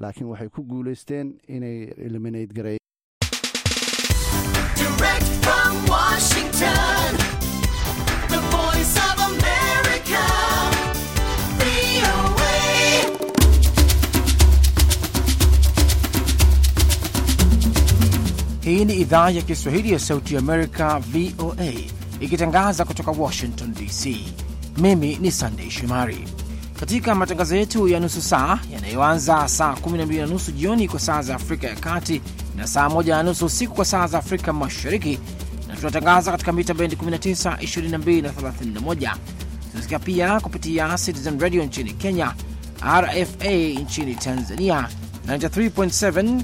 laakiin waxay ku guulaysteen inay eliminate gareeyeen Hii ni idhaa ya Kiswahili ya Sauti Amerika, VOA, ikitangaza kutoka Washington DC. Mimi ni Sandei Shomari katika matangazo yetu ya nusu saa yanayoanza saa 12 na nusu jioni kwa saa za Afrika ya Kati na saa 1 na nusu usiku kwa saa za Afrika Mashariki, na tunatangaza katika mita bendi 19, 22 na 31. Tunasikia pia kupitia Citizen Radio nchini Kenya, RFA nchini Tanzania, 93.7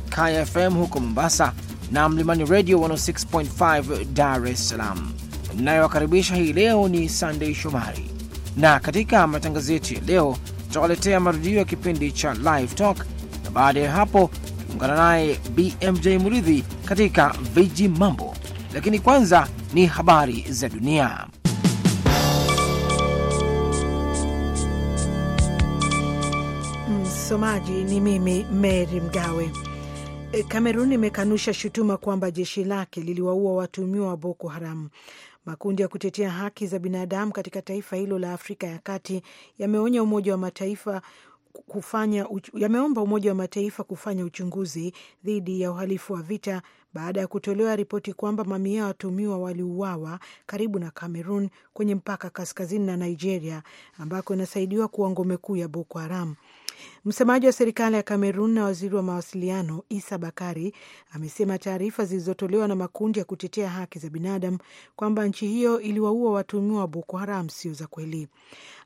KFM huko Mombasa na Mlimani Radio 106.5 Dar es Salaam. Ninayowakaribisha hii leo ni Sunday Shomari na katika matangazo yetu ya leo tutawaletea marudio ya kipindi cha Live Talk na baada ya hapo tuungana naye BMJ Muridhi katika Viji Mambo, lakini kwanza ni habari za dunia. Msomaji ni mimi Mary Mgawe. Kamerun imekanusha shutuma kwamba jeshi lake liliwaua watumiwa wa Boko haramu Makundi ya kutetea haki za binadamu katika taifa hilo la Afrika ya Kati yameonya Umoja wa Mataifa kufanya yameomba Umoja wa Mataifa kufanya uchunguzi dhidi ya uhalifu wa vita baada ya kutolewa ripoti kwamba mamia ya watumiwa waliuawa karibu na Cameroon kwenye mpaka kaskazini na Nigeria ambako inasaidiwa kuwa ngome kuu ya Boko Haram. Msemaji wa serikali ya Kamerun na waziri wa mawasiliano Isa Bakari amesema taarifa zilizotolewa na makundi ya kutetea haki za binadamu kwamba nchi hiyo iliwaua watumiwa wa Boko Haram sio za kweli.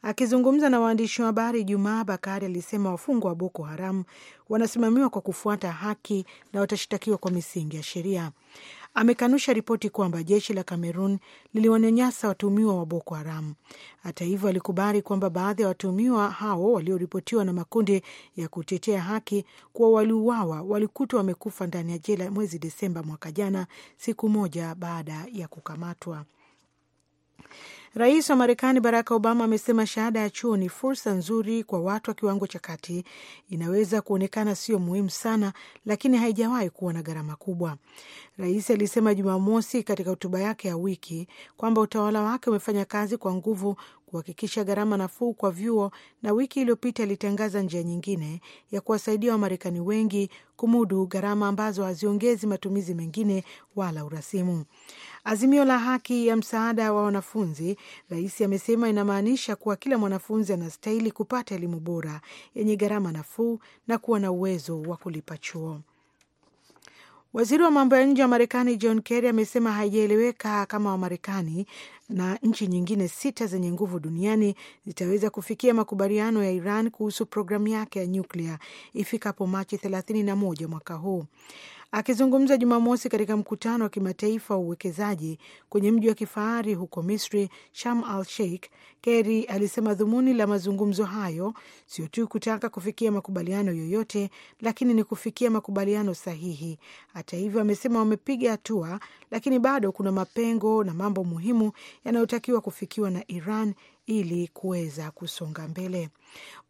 Akizungumza na waandishi wa habari jumaa Bakari alisema wafungwa wa Boko Haram wanasimamiwa kwa kufuata haki na watashitakiwa kwa misingi ya sheria amekanusha ripoti kwamba jeshi la Kamerun liliwanyanyasa watuhumiwa wa Boko Haram. Hata hivyo, alikubali kwamba baadhi ya watuhumiwa hao walioripotiwa na makundi ya kutetea haki kuwa waliuawa walikutwa wamekufa ndani ya jela mwezi Desemba mwaka jana, siku moja baada ya kukamatwa. Rais wa Marekani Barack Obama amesema shahada ya chuo ni fursa nzuri kwa watu wa kiwango cha kati. Inaweza kuonekana sio muhimu sana, lakini haijawahi kuwa na gharama kubwa. Rais alisema Jumamosi katika hotuba yake ya wiki kwamba utawala wake umefanya kazi kwa nguvu kuhakikisha gharama nafuu kwa vyuo, na wiki iliyopita ilitangaza njia nyingine ya kuwasaidia Wamarekani wengi kumudu gharama ambazo haziongezi matumizi mengine wala urasimu. Azimio la haki ya msaada wa wanafunzi, rais amesema, inamaanisha kuwa kila mwanafunzi anastahili kupata elimu bora yenye gharama nafuu na kuwa na uwezo wa kulipa chuo. Waziri wa mambo ya nje wa Marekani John Kerry amesema haijaeleweka kama Wamarekani na nchi nyingine sita zenye nguvu duniani zitaweza kufikia makubaliano ya Iran kuhusu programu yake ya nyuklia ifikapo Machi 31 mwaka huu. Akizungumza Jumamosi katika mkutano wa kimataifa wa uwekezaji kwenye mji wa kifahari huko Misri, Sham al Sheikh, Kerry alisema dhumuni la mazungumzo hayo sio tu kutaka kufikia makubaliano yoyote, lakini ni kufikia makubaliano sahihi. Hata hivyo, amesema wamepiga hatua, lakini bado kuna mapengo na mambo muhimu yanayotakiwa kufikiwa na Iran ili kuweza kusonga mbele.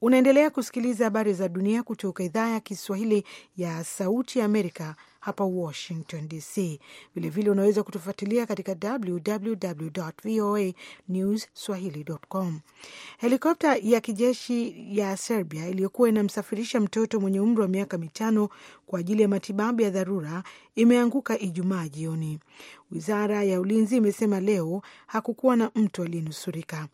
Unaendelea kusikiliza habari za dunia kutoka idhaa ya Kiswahili ya Sauti ya Amerika hapa Washington DC. Vilevile unaweza kutufuatilia katika www voa news swahili.com. Helikopta ya kijeshi ya Serbia iliyokuwa inamsafirisha mtoto mwenye umri wa miaka mitano kwa ajili ya matibabu ya dharura imeanguka Ijumaa jioni, wizara ya ulinzi imesema. Leo hakukuwa na mtu aliyenusurika.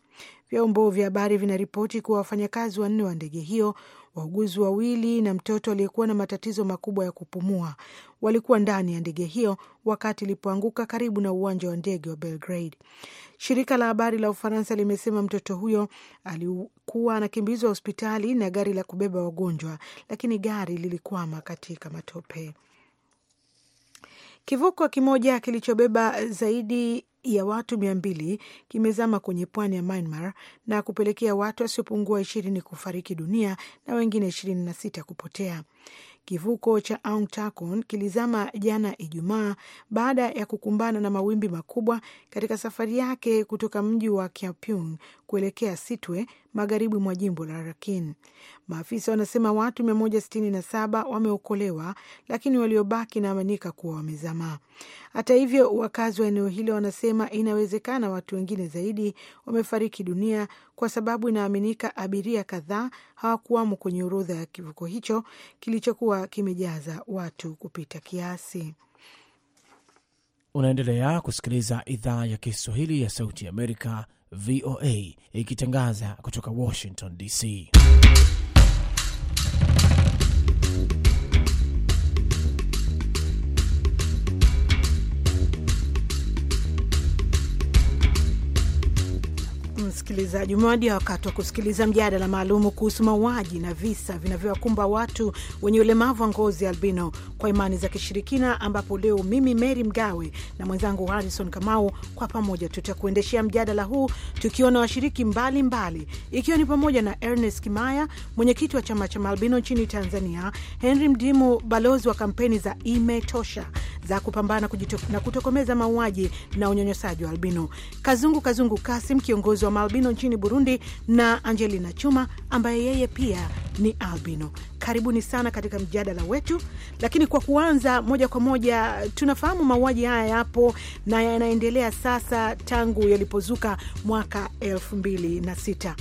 Vyombo vya habari vinaripoti kuwa wafanyakazi wanne wa ndege hiyo, wauguzi wawili na mtoto aliyekuwa na matatizo makubwa ya kupumua, walikuwa ndani ya ndege hiyo wakati ilipoanguka karibu na uwanja wa ndege wa Belgrade. Shirika la habari la Ufaransa limesema mtoto huyo alikuwa anakimbizwa hospitali na gari la kubeba wagonjwa, lakini gari lilikwama katika matope. Kivuko kimoja kilichobeba zaidi ya watu mia mbili kimezama kwenye pwani ya Myanmar na kupelekea watu wasiopungua ishirini kufariki dunia na wengine ishirini na sita kupotea. Kivuko cha Aung Takon kilizama jana Ijumaa baada ya kukumbana na mawimbi makubwa katika safari yake kutoka mji wa Kampung kuelekea Sitwe magharibi mwa jimbo la Rakhine. Maafisa wanasema watu 167 wameokolewa, lakini waliobaki inaaminika kuwa wamezama. Hata hivyo, wakazi wa eneo hilo wanasema inawezekana watu wengine zaidi wamefariki dunia kwa sababu inaaminika abiria kadhaa hawakuwamo kwenye orodha ya kivuko hicho kilichokuwa kimejaza watu kupita kiasi. Unaendelea kusikiliza idhaa ya Kiswahili ya Sauti ya Amerika VOA ikitangaza kutoka Washington DC. msikilizaji, umewadia wakati wa kusikiliza mjadala maalum kuhusu mauaji na visa vinavyowakumba watu wenye ulemavu wa ngozi albino kwa imani za kishirikina, ambapo leo mimi Mary Mgawe na mwenzangu Harrison Kamau kwa pamoja tutakuendeshea mjadala huu tukiwa na washiriki mbalimbali, ikiwa ni pamoja na Ernest Kimaya, mwenyekiti wa chama cha maalbino nchini Tanzania, Henry Mdimu, balozi wa kampeni za Imetosha za kupambana na kutokomeza mauaji na unyonyosaji wa albino, Kazungu Kazungu Kasim, kiongozi wa albino nchini Burundi na Angelina Chuma ambaye yeye pia ni albino. Karibuni sana katika mjadala wetu, lakini kwa kuanza moja kwa moja, tunafahamu mauaji haya yapo na yanaendelea sasa tangu yalipozuka mwaka elfu mbili na sita.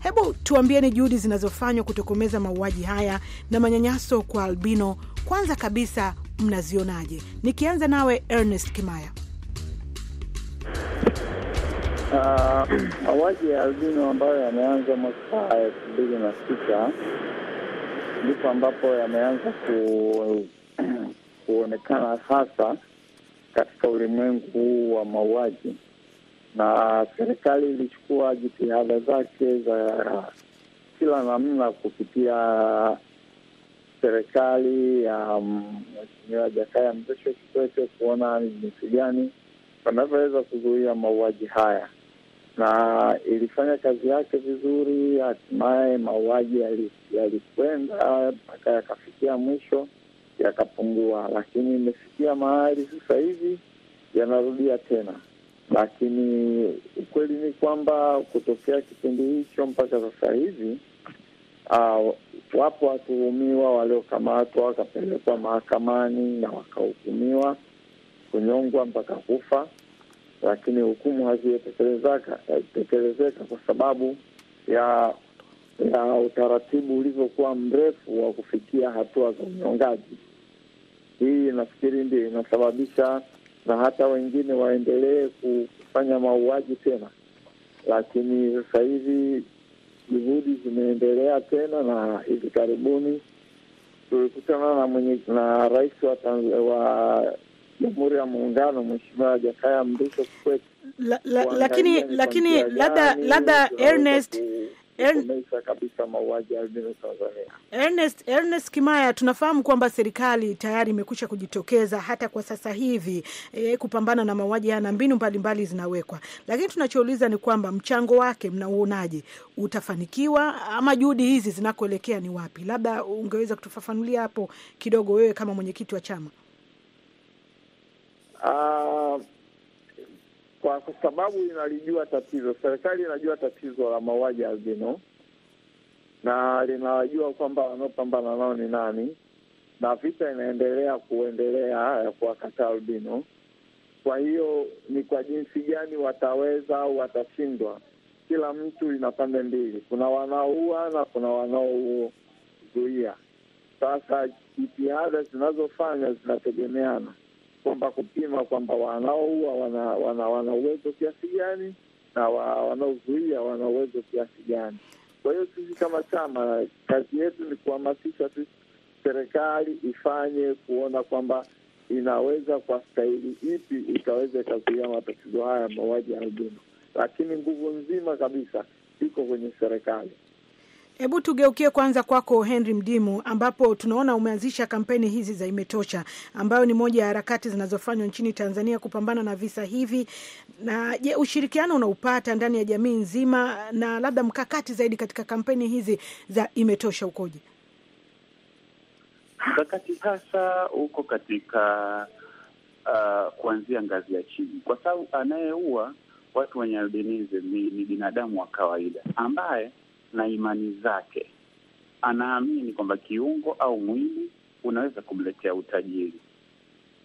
Hebu tuambieni juhudi zinazofanywa kutokomeza mauaji haya na manyanyaso kwa albino, kwanza kabisa mnazionaje? Nikianza nawe Ernest Kimaya. Uh, mauaji ya albino ambayo yameanza mwaka elfu mbili na sita ndipo ambapo yameanza ku, kuonekana sasa katika ulimwengu huu wa mauaji, na serikali ilichukua jitihada zake za kila namna kupitia serikali ya mm, Mheshimiwa Jakaya Mrisho Kikwete kuona ni jinsi gani wanavyoweza kuzuia mauaji haya na ilifanya kazi yake vizuri. Hatimaye mauaji yalikwenda mpaka yakafikia mwisho, yakapungua, lakini imefikia mahali sasa hivi yanarudia tena. Lakini ukweli ni kwamba kutokea kipindi hicho mpaka sasa hivi Uh, wapo watuhumiwa waliokamatwa wakapelekwa mahakamani na wakahukumiwa kunyongwa mpaka kufa, lakini hukumu hazitekelezeka kwa sababu ya ya utaratibu ulivyokuwa mrefu wa kufikia hatua za unyongaji. Hii nafikiri ndio inasababisha na hata wengine waendelee kufanya mauaji tena, lakini sasa hivi juhudi zimeendelea tena, na hivi karibuni tulikutana na mwenye na rais wa Jamhuri ya Muungano, Mheshimiwa Jakaya Mrisho Kikwete. lakini lakini labda labda Ernest Ernest, Ernest Kimaya, tunafahamu kwamba serikali tayari imekwisha kujitokeza hata kwa sasa hivi e, kupambana na mauaji haya na mbinu mbalimbali zinawekwa, lakini tunachouliza ni kwamba mchango wake mnauonaje? Utafanikiwa ama juhudi hizi zinakoelekea ni wapi? Labda ungeweza kutufafanulia hapo kidogo, wewe kama mwenyekiti wa chama. Ah, kwa sababu inalijua tatizo, serikali inajua tatizo la mauaji ya albino na linawajua kwamba wanaopambana nao ni nani, na vita inaendelea kuendelea ya kuwakata albino. Kwa hiyo ni kwa jinsi gani wataweza au watashindwa. Kila mtu ina pande mbili, kuna wanaoua na kuna wanaozuia. Sasa jitihada zinazofanya zinategemeana kwamba kupima kwamba wanaoua wana, wana, wana uwezo kiasi gani na wanaozuia wana uwezo kiasi gani. Kwa hiyo sisi kama chama kazi yetu ni kuhamasisha sisi serikali ifanye kuona kwamba inaweza kwa stahili ipi ikaweza ikazuia matatizo haya ya mauaji ya albino, lakini nguvu nzima kabisa iko kwenye serikali. Hebu tugeukie kwanza kwako Henry Mdimu, ambapo tunaona umeanzisha kampeni hizi za Imetosha, ambayo ni moja ya harakati zinazofanywa nchini Tanzania kupambana na visa hivi. Na je, ushirikiano unaupata ndani ya jamii nzima, na labda mkakati zaidi katika kampeni hizi za Imetosha ukoje? Mkakati sasa uko katika uh, kuanzia ngazi ya chini, kwa sababu anayeua watu wenye albinism ni, ni binadamu wa kawaida ambaye na imani zake. Anaamini kwamba kiungo au mwili unaweza kumletea utajiri.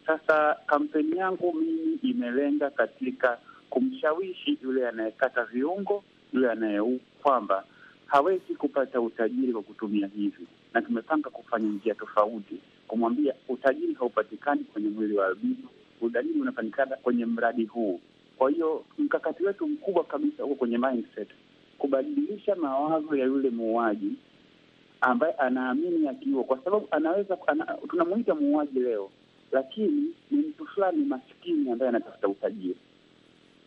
Sasa kampeni yangu mimi imelenga katika kumshawishi yule anayekata viungo, yule anayeu kwamba hawezi kupata utajiri kwa kutumia hivi, na tumepanga kufanya njia tofauti, kumwambia utajiri haupatikani kwenye mwili wa albino, utajiri unapatikana kwenye mradi huu. Kwa hiyo mkakati wetu mkubwa kabisa huko kwenye mindset kubadilisha mawazo ya yule muuaji ambaye anaamini akiwa, kwa sababu anaweza ana, tunamuita muuaji leo, lakini ni mtu fulani maskini ambaye anatafuta utajiri.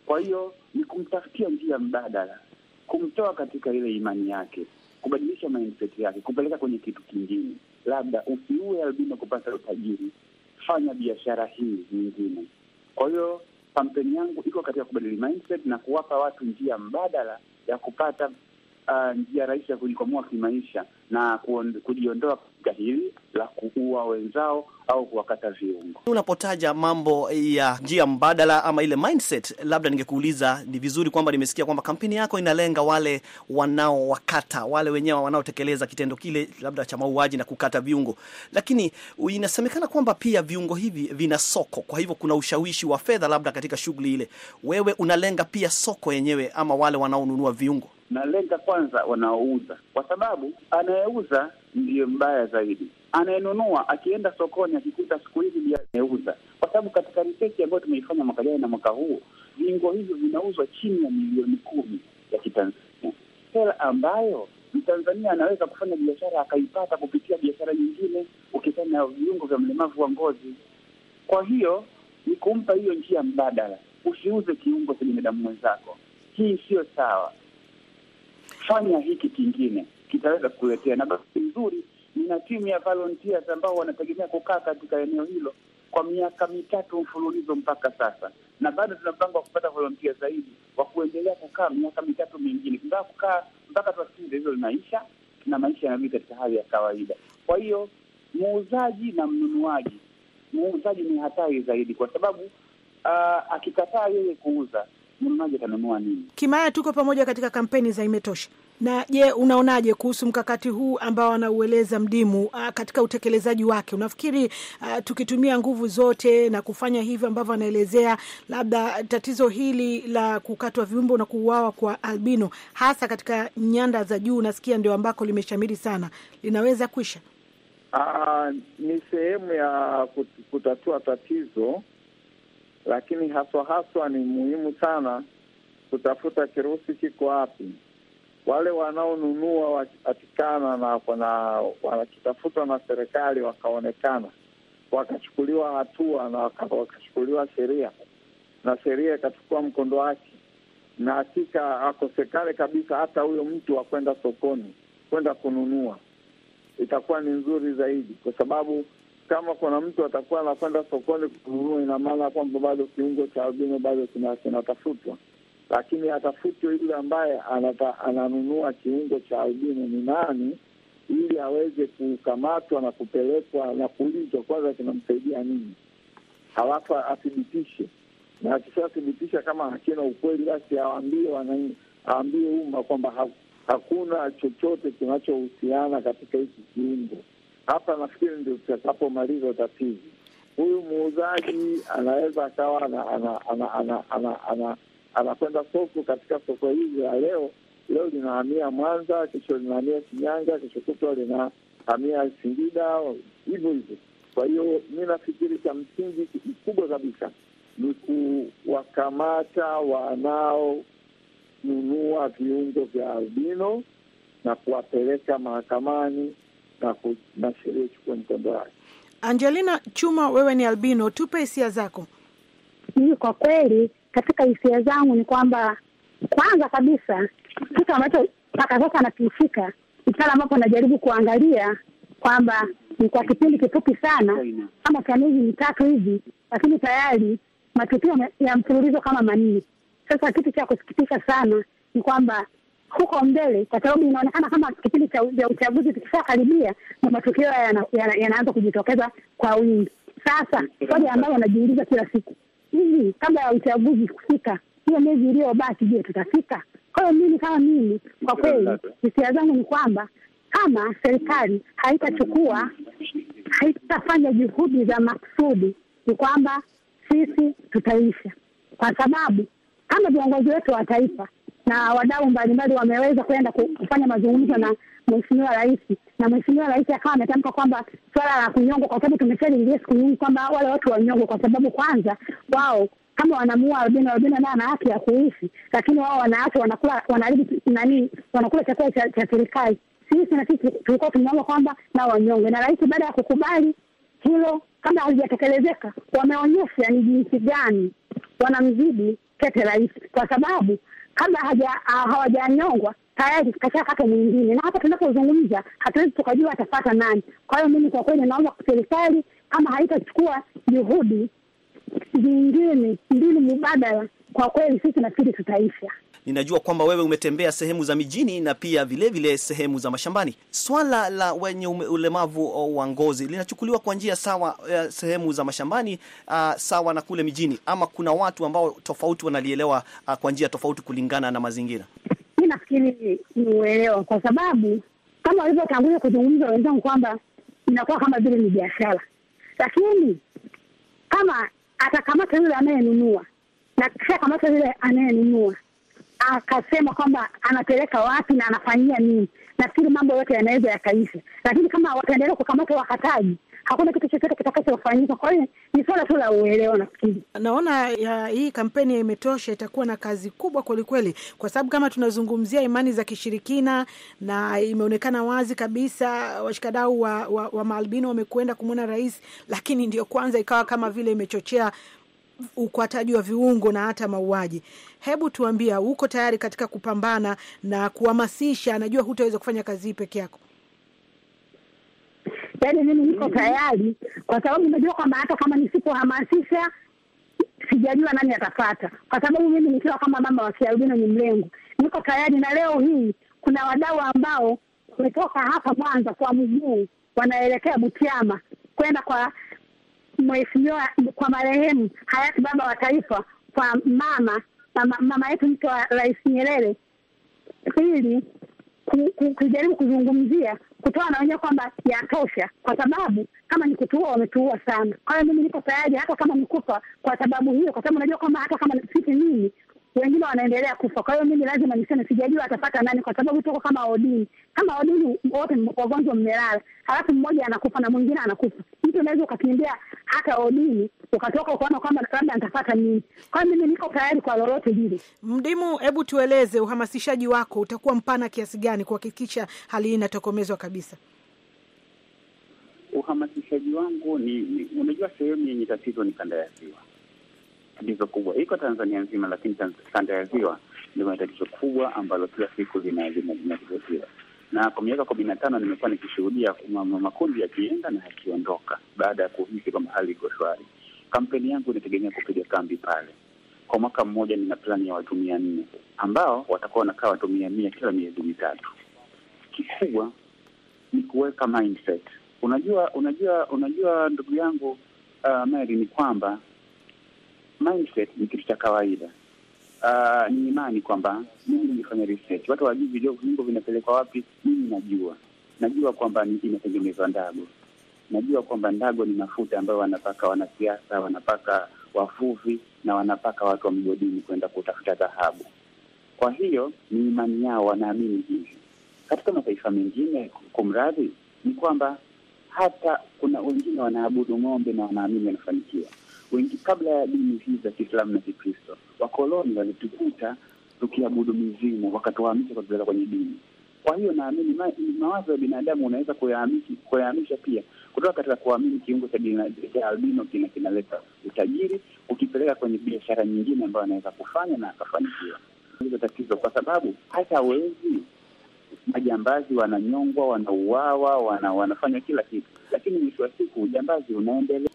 Kwa hiyo ni kumtafutia njia mbadala, kumtoa katika ile imani yake, kubadilisha mindset yake, kupeleka kwenye kitu kingine, labda usiue albino kupata utajiri, fanya biashara hii nyingine. Kwa hiyo kampeni yangu iko katika kubadili mindset na kuwapa watu njia mbadala ya kupata uh, njia rahisi ya kujikwamua kimaisha na kujiondoa katika hili la kuua wenzao au kuwakata viungo. Unapotaja mambo ya njia mbadala ama ile mindset, labda ningekuuliza, ni vizuri kwamba nimesikia kwamba kampeni yako inalenga wale wanaowakata, wale wenyewe wanaotekeleza kitendo kile labda cha mauaji na kukata viungo, lakini inasemekana kwamba pia viungo hivi vina soko, kwa hivyo kuna ushawishi wa fedha labda katika shughuli ile. Wewe unalenga pia soko yenyewe ama wale wanaonunua viungo? na lenga kwanza wanaouza, kwa sababu anayeuza ndiyo mbaya zaidi. Anayenunua akienda sokoni akikuta siku hizi ndio anayeuza, kwa sababu katika risesi ambayo tumeifanya mwaka jana na mwaka huu viungo hivyo vinauzwa chini ya milioni kumi ya Kitanzania, hela ambayo Mtanzania anaweza kufanya biashara akaipata kupitia biashara nyingine, ukifanya na viungo vya mlemavu wa ngozi. Kwa hiyo ni kumpa hiyo njia mbadala, usiuze kiungo cha binadamu mwenzako. Hii siyo sawa fanya hiki kingine kitaweza kuletea. Na bahati nzuri, nina timu ya volunteers ambao wanategemea kukaa katika eneo hilo kwa miaka mitatu mfululizo mpaka sasa, na bado tuna mpango wa kupata volunteers zaidi wa kuendelea kukaa miaka mitatu mingine, tunataka kukaa mpaka tatizo hizo linaisha na maisha yanarudi katika hali ya kawaida. Kwa hiyo muuzaji na mnunuaji, muuzaji ni hatari zaidi, kwa sababu uh, akikataa yeye kuuza mnunuaji atanunua nini? Kimaya, tuko pamoja katika kampeni za Imetosha. Na je, unaonaje kuhusu mkakati huu ambao anaueleza Mdimu a, uh, katika utekelezaji wake? Unafikiri a, uh, tukitumia nguvu zote na kufanya hivyo ambavyo anaelezea, labda tatizo hili la kukatwa viumbo na kuuawa kwa albino, hasa katika nyanda za juu, unasikia ndio ambako limeshamiri sana, linaweza kuisha? Aa, ah, ni sehemu ya kutatua tatizo lakini haswa haswa ni muhimu sana kutafuta kirusi kiko wapi. Wale wanaonunua wakipatikana na wanakitafutwa na serikali wakaonekana, wakachukuliwa hatua na wakachukuliwa sheria, na sheria ikachukua mkondo wake, na hakika akosekane kabisa hata huyo mtu wa kwenda sokoni kwenda kununua, itakuwa ni nzuri zaidi, kwa sababu kama kuna mtu atakuwa anakwenda sokoni kununua, ina maana kwamba bado kiungo cha albino bado kinatafutwa, lakini atafutwe yule ambaye anata, ananunua kiungo cha albino ni nani, ili aweze kukamatwa na kupelekwa na kuulizwa kwanza kinamsaidia nini, halafu athibitishe, na akishathibitisha kama hakina ukweli, basi awaambie aambie umma kwamba hakuna chochote kinachohusiana katika hiki kiungo hapa nafikiri ndio tutakapomaliza tatizo. Huyu muuzaji anaweza akawa ana anakwenda soko katika soko hili la leo leo linahamia Mwanza, kesho linahamia Shinyanga, kesho kutwa linahamia Singida, hivyo hivyo. Kwa hiyo mi nafikiri cha msingi kikubwa kabisa ni kuwakamata wanaonunua viungo vya albino na kuwapeleka mahakamani na, na sheria chukua mkondo wake. Angelina Chuma, wewe ni albino, tupe hisia zako. Mimi kwa kweli, katika hisia zangu ni kwamba kwanza kabisa kitu ambacho mpaka sasa nakihusika ni pale ambapo anajaribu kuangalia kwamba ni kwa kipindi kifupi sana kama cha miezi mitatu hivi, lakini tayari matukio ya mfululizo kama manne. Sasa kitu cha kusikitisha sana ni kwamba huko mbele, kwa sababu inaonekana kama kipindi cha uchaguzi karibia na matukio yanaanza yana, yana kujitokeza kwa wingi. Sasa swali ambayo wanajiuliza kila siku, hivi kabla ya uchaguzi kufika, hiyo miezi iliyobaki, je, tutafika? Kwa hiyo mimi kama mimi, kwa kweli hisia zangu ni kwamba kama serikali haitachukua haitafanya juhudi za maksudi, ni kwamba sisi tutaisha, kwa sababu kama viongozi wetu wa taifa na wadau mbalimbali wameweza kwenda kufanya mazungumzo na mheshimiwa rais, na mheshimiwa rais akawa ametamka kwamba swala la kunyongwa, kwa sababu tumeshaingia siku nyingi kwamba wale watu wanyongwe, kwa sababu kwanza wao kama wanamua arobaini arobaini naye ana haki ya kuishi, lakini wao wanaacha wanakula wanaribu nani, wanakula chakula cha serikali. Sisi na sisi tulikuwa tumeomba kwamba na wanyonge, na rais baada ya kukubali hilo kama halijatekelezeka, wameonyesha ni jinsi gani wanamzidi kete rais, kwa sababu kabla ah, hawajanyongwa tayari kashakata mwingine, na hapa tunapozungumza hatuwezi tukajua atapata nani. Kwa hiyo mimi kwa kweli naomba serikali kama haitachukua juhudi zingine mbili mubadala, kwa kweli sisi nafikiri tutaisha ninajua kwamba wewe umetembea sehemu za mijini na pia vilevile vile sehemu za mashambani. Swala la wenye ulemavu wa ngozi linachukuliwa kwa njia sawa sehemu za mashambani uh, sawa na kule mijini, ama kuna watu ambao tofauti wanalielewa uh, kwa njia tofauti kulingana na mazingira? Mi nafikiri ni uelewa, kwa sababu kama walivyotangulia kuzungumza wenzangu kwamba inakuwa kama vile ni biashara, lakini kama atakamata yule anayenunua na kisha kamata yule anayenunua akasema kwamba anapeleka wapi na anafanyia nini, nafikiri mambo yote yanaweza yakaisha, lakini kama wataendelea kukamata wakataji hakuna kitu chochote kitakachofanyika. Kwa hiyo ni swala tu la uelewa. Nafikiri naona ya, hii kampeni Imetosha itakuwa na kazi kubwa kwelikweli, kwa sababu kama tunazungumzia imani za kishirikina, na imeonekana wazi kabisa washikadau wa, wa, wa maalbino wamekwenda kumwona rais, lakini ndio kwanza ikawa kama vile imechochea ukwataji wa viungo na hata mauaji hebu tuambia uko tayari katika kupambana na kuhamasisha? Najua hutaweza kufanya kazi hii peke yako. Yaani mimi niko tayari, kwa sababu najua kwamba hata kama nisipohamasisha sijajua nani atafata, kwa sababu mimi nikiwa kama mama wa kiarubino ni mlengo, niko tayari. Na leo hii kuna wadau ambao wametoka hapa Mwanza kwa mguu, wanaelekea Butiama kwenda kwa mheshimiwa, kwa marehemu hayati baba wa taifa, kwa mama mama, mama yetu mke wa Rais Nyerere, ili kujaribu kuzungumzia kutoa naonya kwamba yatosha, kwa sababu kama ni kutuua wametuua sana. Kwa hiyo mimi niko tayari hata kama nikufa kwa sababu hiyo, kwa sababu unajua kwamba hata kama sisi nini wengine wanaendelea kufa. Kwa hiyo mimi lazima niseme, sijajua atapata nani, kwa sababu tuko kama odini, kama odini wote wagonjwa mmelala, halafu mmoja anakufa na mwingine anakufa. Mtu unaweza ukakimbia hata odini ukatoka ukaona kwamba labda nitapata nini. Kwa hiyo mimi niko tayari kwa lolote lile. Mdimu, hebu tueleze uhamasishaji wako utakuwa mpana kiasi gani kuhakikisha hali hii inatokomezwa kabisa? Uhamasishaji wangu ni, ni unajua sehemu yenye tatizo ni kanda ya Ziwa tatizo kubwa iko Tanzania nzima, lakini kanda ya ziwa ndio tatizo kubwa ambalo kila siku linazungumziwa, na kwa miaka kumi na tano nimekuwa nikishuhudia makundi yakienda na yakiondoka baada ya kuhisi kwamba hali iko shwari. Kampeni yangu inategemea kupiga kambi pale kwa mwaka mmoja. Nina plani ya watu mia nne ambao watakuwa wanakaa watu mia mia kila miezi mitatu. Kikubwa ni kuweka mindset. Unajua, unajua, unajua ndugu yangu uh, Mary, ni kwamba mindset ni kitu cha kawaida. Uh, ni imani kwamba mimi nilifanya research, watu wajui viungo vinapelekwa wapi. Mimi najua, najua kwamba inatengenezwa ndago, najua kwamba ndago ni mafuta ambayo wanapaka wanasiasa, wanapaka wavuvi na wanapaka watu wa mgodini kwenda kutafuta dhahabu. Kwa hiyo ni imani yao, wanaamini hivi Katika mataifa mengine, kumradhi, ni kwamba hata kuna wengine wanaabudu ng'ombe na wanaamini wanafanikiwa wengi kabla ya dini hizi za Kiislamu na Kikristo, wakoloni walitukuta tukiabudu mizimu, wakatuhamisha kutupeleka kwenye dini. Kwa hiyo naamini ma, mawazo ya binadamu unaweza kuyahamisha pia kutoka katika kuamini kiungo cha albino kina kinaleta utajiri, ukipeleka kwenye biashara nyingine ambayo anaweza kufanya na akafanikiwa. Hizo tatizo kwa sababu hata wezi majambazi wananyongwa, wanauawa, wana, wanafanya kila kitu, lakini mwisho wa siku ujambazi unaendelea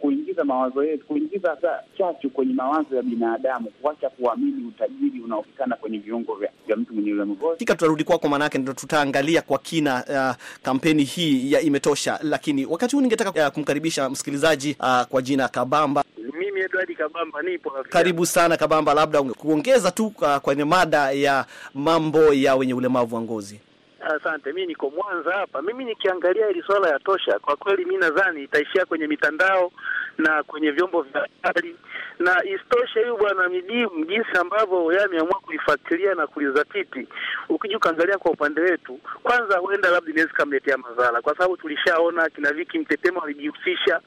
kuingiza mawazo yetu, kuingiza hata chachu kwenye mawazo ya binadamu, kuacha kuamini utajiri unaofikana kwenye viungo vya mtu mwenye ule mgozi. Hakika tutarudi kwako, maanake ndo tutaangalia kwa kina uh, kampeni hii ya Imetosha, lakini wakati huu ningetaka uh, kumkaribisha msikilizaji uh, kwa jina Kabamba. Mimi Edward Kabamba nipo. Karibu sana Kabamba, labda kuongeza tu uh, kwenye mada ya mambo ya wenye ulemavu wa ngozi. Asante, mi niko Mwanza hapa. Mimi nikiangalia hili swala ya tosha, kwa kweli mi nadhani itaishia kwenye mitandao na kwenye vyombo vya habari, na isitoshe huyu bwana Midimu jinsi ambavyo yeye ameamua kulifuatilia na kulizatiti, ukija ukaangalia kwa upande wetu, kwanza huenda labda inaweza ikamletea madhara, kwa sababu tulishaona kina Viki Mtetemo alijihusisha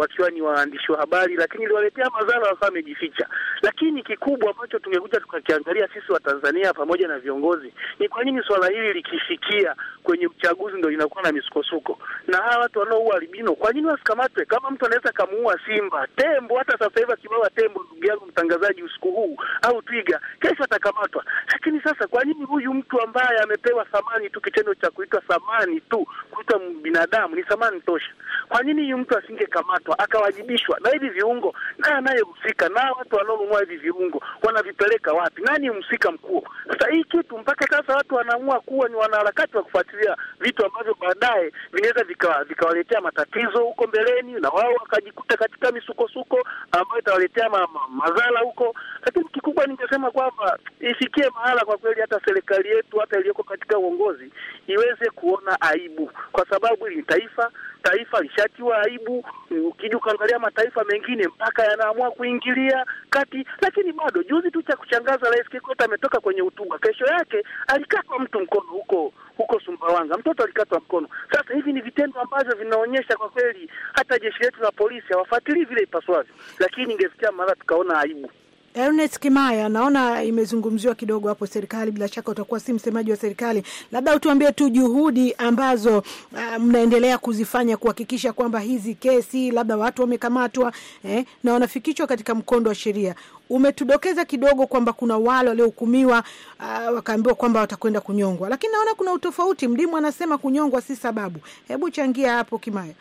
wakiwa ni waandishi wa habari, lakini iliwaletea madhara wakawa wamejificha. Lakini kikubwa ambacho tungekuja tukakiangalia sisi Watanzania pamoja na viongozi ni kwa nini swala hili likifikia kwenye uchaguzi ndo linakuwa na misukosuko, na hawa watu wanaoua albino kwa nini wasikamatwe? Kama mtu anaweza kamuua simba, tembo, hata sasa hivi akiwaua tembo, ndugu yangu mtangazaji, usiku huu au twiga, kesho atakamatwa. Lakini sasa kwa nini huyu mtu ambaye amepewa thamani tu, kitendo cha kuitwa thamani tu, kuitwa binadamu ni thamani tosha, kwa nini huyu mtu asingekamatwa? akamatwa akawajibishwa na hivi viungo, na anayehusika na watu wanaonunua hivi viungo wanavipeleka wapi? Nani mhusika mkuu? Sasa hii kitu mpaka sasa watu wanaamua kuwa ni wanaharakati wa kufuatilia vitu ambavyo baadaye vinaweza vikawaletea matatizo huko mbeleni, na wao wakajikuta katika misukosuko ambayo itawaletea ma, ma, madhara huko, lakini kikubwa ningesema kwamba ifikie mahala kwa kweli, hata serikali yetu hata iliyoko katika uongozi iweze kuona aibu, kwa sababu ni taifa taifa lishatiwa aibu. Ukija ukaangalia mataifa mengine mpaka yanaamua kuingilia kati, lakini bado juzi tu cha kuchangaza, Rais Kikwete ametoka kwenye hotuba, kesho yake alikatwa mtu mkono huko huko Sumbawanga, mtoto alikatwa mkono. Sasa hivi ni vitendo ambavyo vinaonyesha kwa kweli hata jeshi letu la polisi hawafuatilii vile ipaswavyo, lakini ingefikia mahala tukaona aibu. Ernest Kimaya, naona imezungumziwa kidogo hapo serikali. Bila shaka utakuwa si msemaji wa serikali, labda utuambie tu juhudi ambazo uh, mnaendelea kuzifanya kuhakikisha kwamba hizi kesi labda watu wamekamatwa eh, na wanafikishwa katika mkondo wa sheria. Umetudokeza kidogo kwamba kuna wale waliohukumiwa uh, wakaambiwa kwamba watakwenda kunyongwa, lakini naona kuna utofauti. Mdimu anasema kunyongwa si sababu. Hebu changia hapo Kimaya.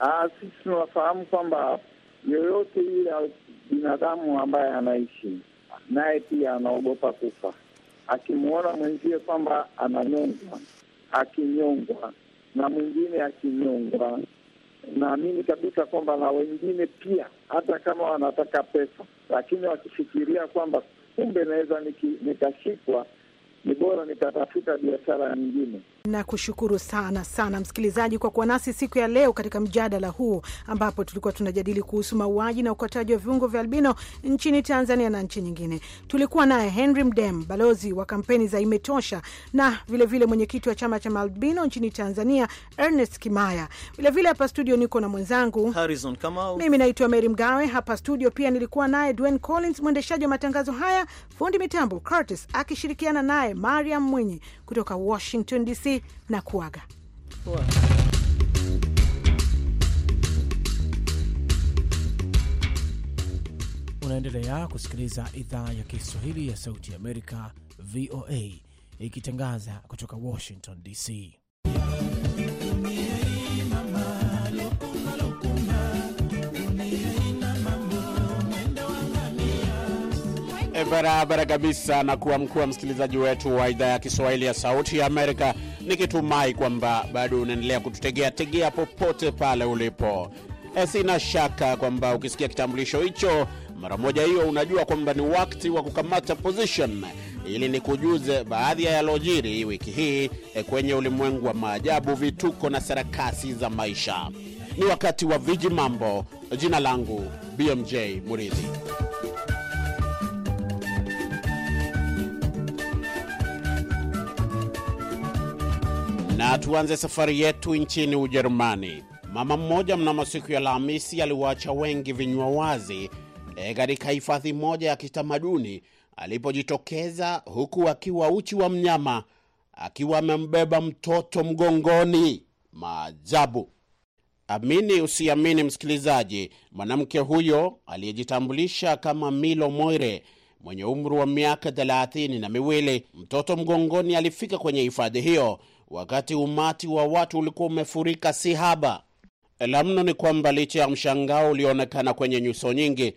Ah, sisi tunafahamu kwamba yoyote ile binadamu ambaye anaishi naye pia anaogopa kufa. Akimwona mwenzie kwamba ananyongwa, akinyongwa na mwingine akinyongwa, naamini kabisa kwamba na wengine pia, hata kama wanataka pesa, lakini wakifikiria kwamba kumbe naweza nikashikwa ni bora nitatafuta biashara nyingine. Nakushukuru sana sana msikilizaji kwa kuwa nasi siku ya leo katika mjadala huu ambapo tulikuwa tunajadili kuhusu mauaji na ukataji wa viungo vya albino nchini Tanzania na nchi nyingine. Tulikuwa naye Henry Mdem, balozi wa kampeni za Imetosha, na vilevile mwenyekiti wa chama cha maalbino nchini Tanzania, Ernest Kimaya. Vilevile hapa studio niko na mwenzangu Harrison Kamau. Mimi naitwa Mary Mgawe. Hapa studio pia nilikuwa naye Dwayne Collins, mwendeshaji wa matangazo haya, fundi mitambo Curtis akishirikiana naye naye Mariam Mwinyi kutoka Washington DC na kuaga Unaendelea kusikiliza idhaa ya Kiswahili ya Sauti ya Amerika, VOA, ikitangaza kutoka Washington DC. Eh, barabara kabisa na kuwa mkuu wa msikilizaji wetu wa idhaa ya Kiswahili ya Sauti ya Amerika, nikitumai kwamba bado unaendelea kututegea tegea popote pale ulipo. Eh, sina shaka kwamba ukisikia kitambulisho hicho mara moja hiyo unajua kwamba ni wakti wa kukamata position ili nikujuze baadhi ya yalojiri wiki hii eh, kwenye ulimwengu wa maajabu, vituko na sarakasi za maisha. Ni wakati wa viji mambo. Jina langu BMJ Muridhi. tuanze safari yetu nchini Ujerumani. Mama mmoja mnamo siku ya Alhamisi aliwaacha wengi vinywa wazi eh, katika e, hifadhi moja ya kitamaduni alipojitokeza huku akiwa uchi wa mnyama akiwa amembeba mtoto mgongoni. Maajabu! Amini usiamini, msikilizaji, mwanamke huyo aliyejitambulisha kama Milo Moire mwenye umri wa miaka thelathini na miwili, mtoto mgongoni, alifika kwenye hifadhi hiyo wakati umati wa watu ulikuwa umefurika si haba La mno ni kwamba licha ya mshangao ulioonekana kwenye nyuso nyingi,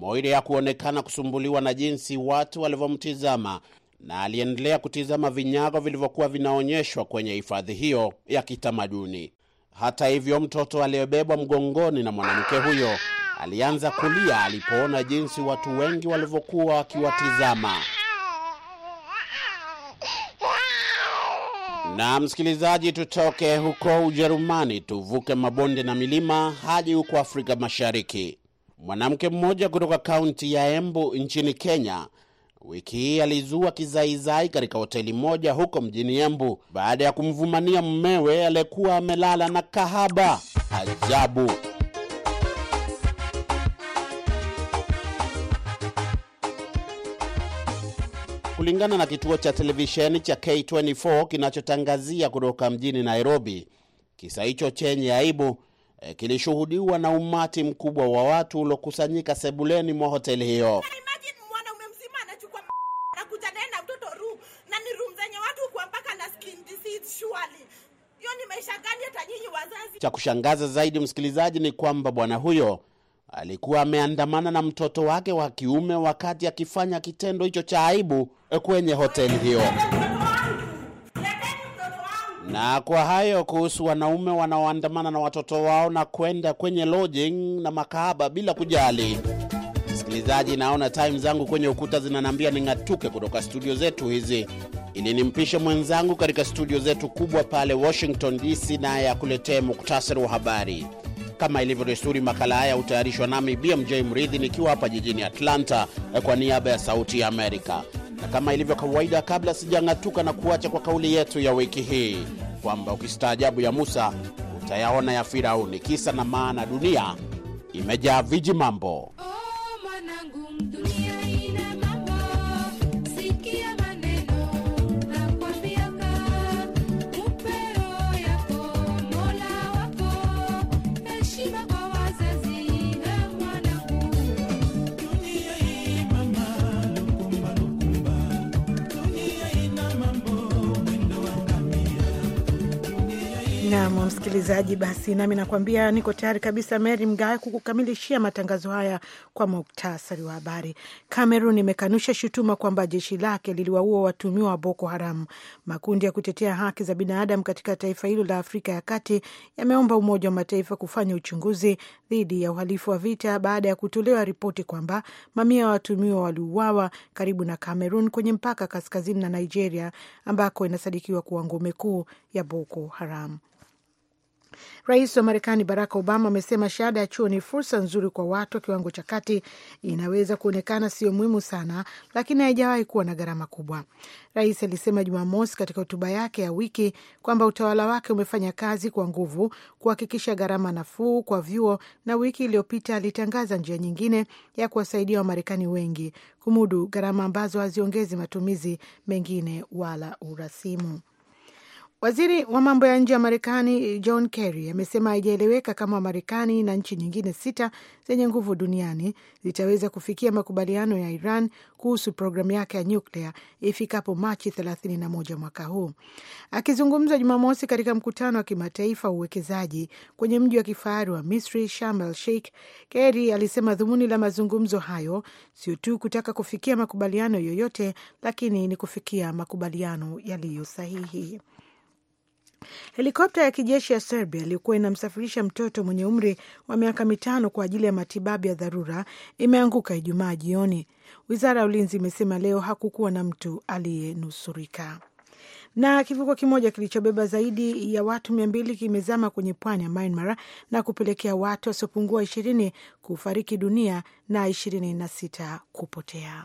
Moire kuonekana kusumbuliwa na jinsi watu walivyomtizama, na aliendelea kutizama vinyago vilivyokuwa vinaonyeshwa kwenye hifadhi hiyo ya kitamaduni. Hata hivyo, mtoto aliyebebwa mgongoni na mwanamke huyo alianza kulia alipoona jinsi watu wengi walivyokuwa wakiwatizama. Na msikilizaji, tutoke huko Ujerumani tuvuke mabonde na milima hadi huko Afrika Mashariki. Mwanamke mmoja kutoka kaunti ya Embu nchini Kenya wiki hii alizua kizaizai katika hoteli moja huko mjini Embu baada ya kumvumania mmewe aliyekuwa amelala na kahaba. Ajabu! Kulingana na kituo cha televisheni cha K24 kinachotangazia kutoka mjini Nairobi, kisa hicho chenye aibu e, kilishuhudiwa na umati mkubwa wa watu uliokusanyika sebuleni mwa hoteli hiyo. Yaani cha kushangaza zaidi, msikilizaji, ni kwamba bwana huyo alikuwa ameandamana na mtoto wake wa kiume wakati akifanya kitendo hicho cha aibu eh, kwenye hoteli hiyo. Na kwa hayo kuhusu wanaume wanaoandamana na watoto wao na kwenda kwenye lodging na makahaba bila kujali. Msikilizaji, naona time zangu kwenye ukuta zinaniambia ning'atuke kutoka studio zetu hizi ili nimpishe mwenzangu katika studio zetu kubwa pale Washington DC, naye akuletee muktasari wa habari. Kama ilivyo desturi, makala haya hutayarishwa nami BMJ Mridhi nikiwa hapa jijini Atlanta eh, kwa niaba ya Sauti ya Amerika. Na kama ilivyo kawaida, kabla sijang'atuka na kuacha kwa kauli yetu ya wiki hii kwamba ukistaajabu ya Musa utayaona ya Firauni. Kisa na maana, dunia imejaa viji mambo. msikilizaji, basi nami nakwambia niko tayari kabisa, Mary Mgawe, kukukamilishia matangazo haya kwa muktasari wa habari. cameron imekanusha shutuma kwamba jeshi lake liliwaua watumiwa wa Boko Haram. Makundi ya kutetea haki za binadamu katika taifa hilo la Afrika ya Kati yameomba Umoja wa Mataifa kufanya uchunguzi dhidi ya uhalifu wa vita baada ya kutolewa ripoti kwamba mamia ya watumiwa waliuawa karibu na cameron kwenye mpaka kaskazini na Nigeria, ambako inasadikiwa kuwa ngome kuu ya Boko Haram. Rais wa Marekani Barack Obama amesema shahada ya chuo ni fursa nzuri kwa watu wa kiwango cha kati. Inaweza kuonekana sio muhimu sana, lakini haijawahi kuwa na gharama kubwa. Rais alisema Jumamosi katika hotuba yake ya wiki kwamba utawala wake umefanya kazi kwa nguvu kuhakikisha gharama nafuu kwa vyuo, na wiki iliyopita alitangaza njia nyingine ya kuwasaidia Wamarekani wengi kumudu gharama ambazo haziongezi matumizi mengine wala urasimu. Waziri wa mambo ya nje wa Marekani John Kerry amesema haijaeleweka kama Marekani na nchi nyingine sita zenye nguvu duniani zitaweza kufikia makubaliano ya Iran kuhusu programu yake ya nyuklia ifikapo Machi 31 mwaka huu. Akizungumza Jumamosi katika mkutano wa kimataifa wa uwekezaji kwenye mji wa kifahari wa Misri, Sharm el Sheikh, Kerry alisema dhumuni la mazungumzo hayo sio tu kutaka kufikia makubaliano yoyote, lakini ni kufikia makubaliano yaliyo sahihi. Helikopta ya kijeshi ya Serbia iliyokuwa inamsafirisha mtoto mwenye umri wa miaka mitano kwa ajili ya matibabu ya dharura imeanguka Ijumaa jioni. Wizara ya ulinzi imesema leo hakukuwa na mtu aliyenusurika na kivuko kimoja kilichobeba zaidi ya watu mia mbili kimezama kwenye pwani ya Myanmar na kupelekea watu wasiopungua ishirini kufariki dunia na ishirini na sita kupotea.